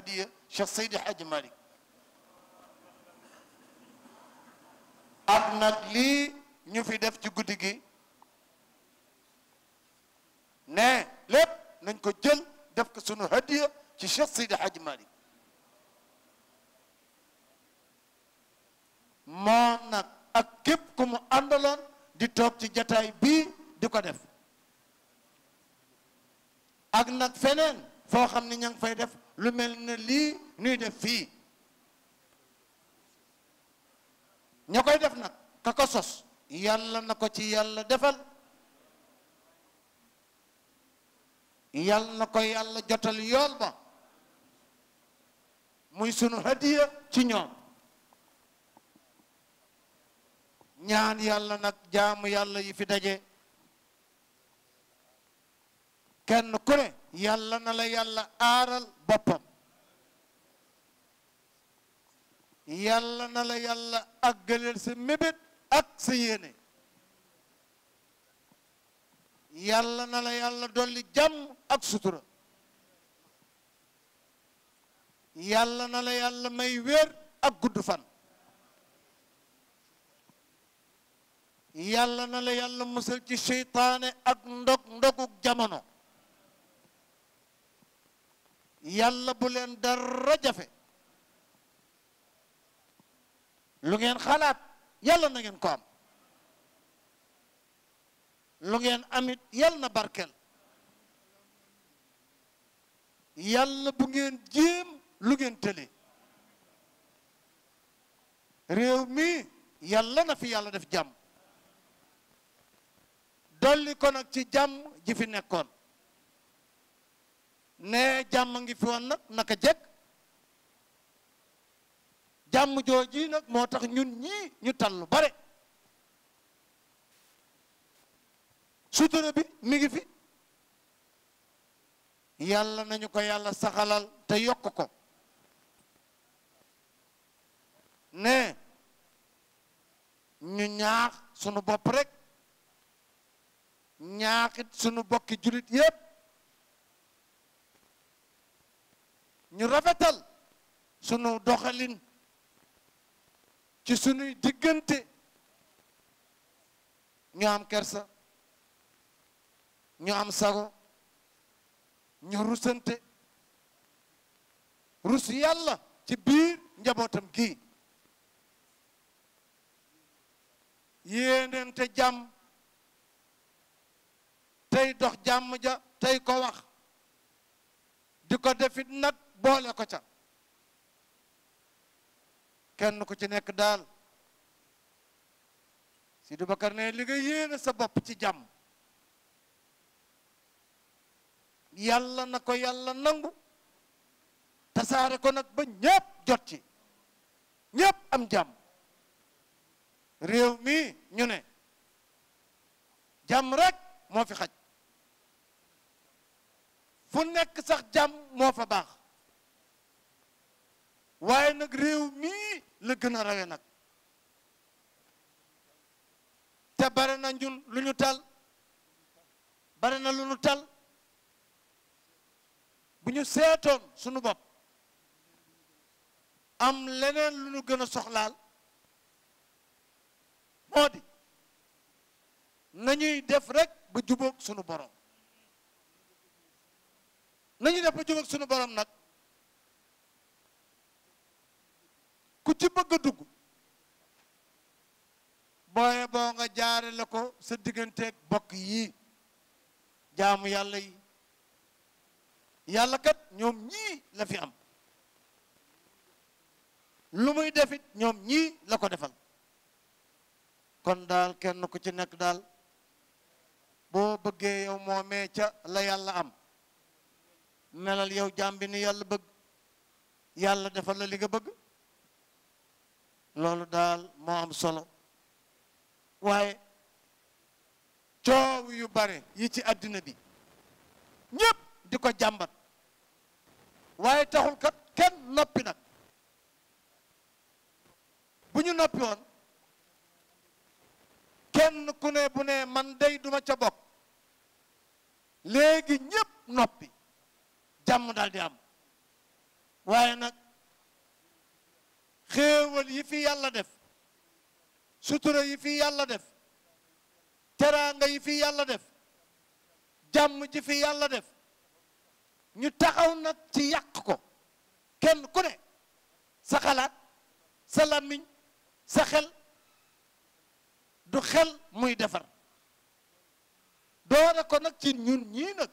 hadiya Cheikh Seydi Hadji Malick ak nag lii ñu fi def ci guddi gi ne lépp nañ ko jël def ko sunu hadiya ci Cheikh Seydi Hadji Malick moom nag ak képp ku mu àndaloon di toog ci jataay bii di ko def ak nag feneen foo xam ne ña ngi fay def lu mel na lii nuy def fii ña koy def nag ka sos yàlla na ko ci yàlla defal yàlla na ko yàlla jotal yool ba muy sunu hadiya ci ñoom ñaan yàlla nag jaamu yàlla yi fi daje kenn ku ne yàlla na la yàlla aaral boppam yàlla na la yàlla àggaleel sa mébét ak sa yéene yàlla na la yàlla dolli jàmm ak sutura yàlla na la yàlla may wér ak gudd fan yàlla na la ci seytaane ak ndog ndoguk jamono yàlla bu leen dara jafe lu ngeen xalaat yàlla na ngeen ko am lu ngeen amit yàlla na barkeel yàlla bu ngeen jéem lu ngeen tële réew mi yàlla na fi yàlla def jàmm dolli ko nag ci jàmm ji fi nekkoon ne jam ngi fi won nak naka jek jàmm joji nak motax ñun ñi ñu tallu bare sutura bi mi ngi fi yalla nañu ko yalla saxalal te yok ko ne ñu ñaax suñu bop rek ñaaxit suñu bokki julit yépp ñu rafetal sunu doxalin ci suñu digënté ñu am kersa ñu am sago ñu rusante rus yalla ci biir njabotam gi yéenente jam tey dox jam ja tey ko wax diko defit nak boole ko ca kenn ku ci nekk daal Sidi Bakar ne li nga yéene sa bopp ci jàmm yàlla na ko yàlla nangu tasaare ko nag ba ñépp jot ci ñépp am jàmm réew mi ñu ne jàmm rekk moo fi xaj fu nekk sax jàmm moo fa baax waaye nag réew mii la gën a rawe nag te bare na lu ñu tal bare na lu ñu tal bu ñu seetoon sunu bopp am leneen lu ñu gën a soxlaal moo di nañuy def rekk ba jubóog sunu borom nañuy def ba jubóog sunu borom nag ci bëgg a dugg booye boo nga jaare la ko sa digganteeg bokk yii jaamu yàlla yi yàlla kat ñoom ñii la fi am lu muy defit ñoom ñii la ko defal kon daal kenn ku ci nekk daal boo bëggee yow moomee ca la yàlla am melal yow jaam bi ni yàlla bëgg yàlla defal la li nga bëgg loolu daal moo am solo waaye coow yu bare yi ci àddina bi ñépp di ko jàmbat waaye taxul kat kenn noppi nag bu ñu noppi woon kenn ku ne bu ne man dey duma ca bokk léegi ñépp noppi jàmm daal di am waaye nag xéewal yi fi yàlla def sutura yi fi yàlla def teraanga yi fi yàlla def jàmm ji fi yàlla def ñu taxaw nag ci yàq ko kenn ku ne sa xalaat sa làmmiñ sa xel du xel muy defar doore ko nag ci ñun ñii nag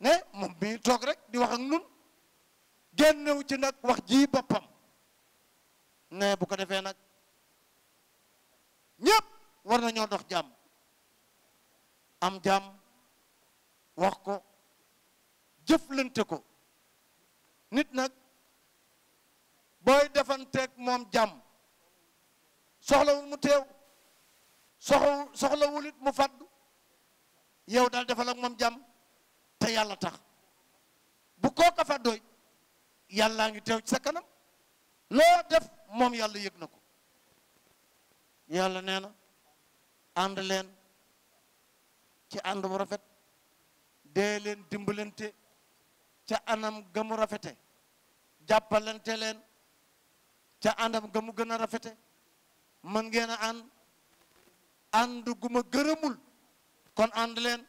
ne moom mii toog rek di wax ak ñun génnewu ci nag wax ji boppam ne bu ko defee nag ñëpp war na ñoo dox jàmm am jàmm wax ko jëflante ko nit nag booy defanteeg moom jàmm soxlawul mu teew soxla mu fàddu yow daal defal moom jàmm te yàlla tax bu kooka fàddooy yàllaa ngi teew ci sa kanam loo def moom yàlla yëg na ko yàlla nee na ànd leen ci ànd bu rafet dee leen dimbalante ca anam gamu rafete jàppalante leen ca anam gamu gën a rafete mën ngeen a ànd ànd gu gërëmul kon ànd leen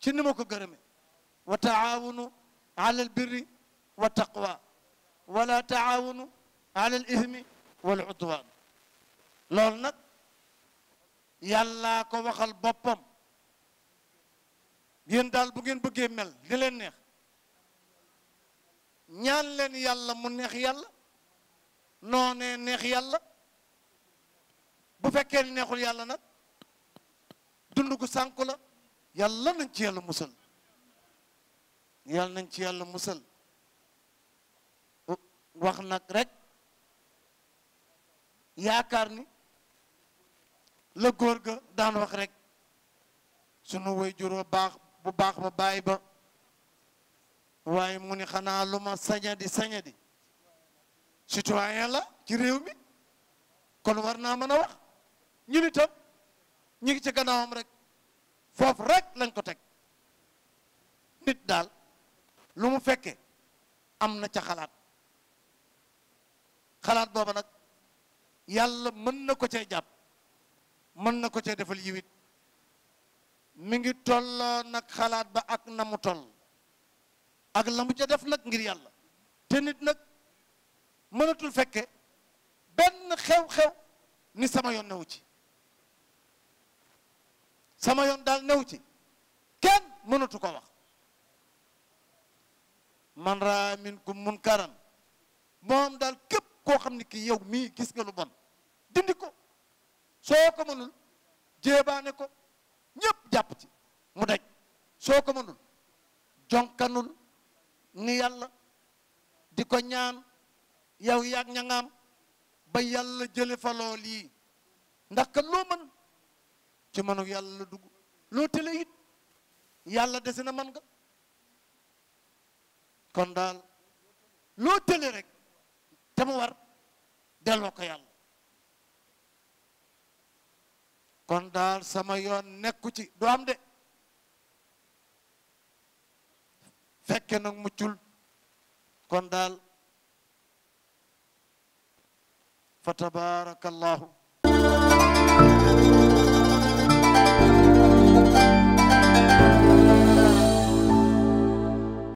ci ni ma ko gërëme wa taawunu ala albirri wa taqwa wala taawunu alal ismi wal udwaan loolu nag yàllaa ko waxal boppam yéen daal bu ngeen bëggee mel li leen neex ñaan leen yàlla mu neex yàlla noone neex yàlla bu fekkee ni neexul yàlla nag dund gu sànku la yàlla nañ ci yàlla musal yàlla nañ ci yàlla musal wax nag rek yaakaar ni la góor ga daan wax rek sunu way juró baax bu baax ba bàyyi ba waaye mu ni xanaa lu ma sañadi sañadi citoyen la ci réew mi kon war naa mën a wax ñu ni ngi ci gannaawam rek foofu rekk lañ ko teg nit daal lu mu fekke am na ca xalaat xalaat booba nag yàlla mën na ko cee jàpp mën na ko cee defal yiwit mu ngi tolloo nag xalaat ba ak na toll ak lamu mu def nag ngir yàlla te nit nag mënatul fekke benn xew-xew ni sama yoon newu ci sama yoon daal newu ci kenn mënatu ko wax man raa minkum karan moom daal képp koo xam ne kii yow mii gis nga lu bon dindi ko soo ko mënul jéebaane ko ñépp jàpp mu daj soo ko mënul jonkanul ni yàlla di ko ñaan yow yaag ñangaam ba yàlla jële fa lool yi ndax ka loo mën ci mënu yàlla la dugg loo tële it yàlla dese na man nga kon daal loo tële rek te mu war delloo ko yàlla kon daal sama yoon nekku ci du am de fekke nag muccul kon daal fa tabarakallahu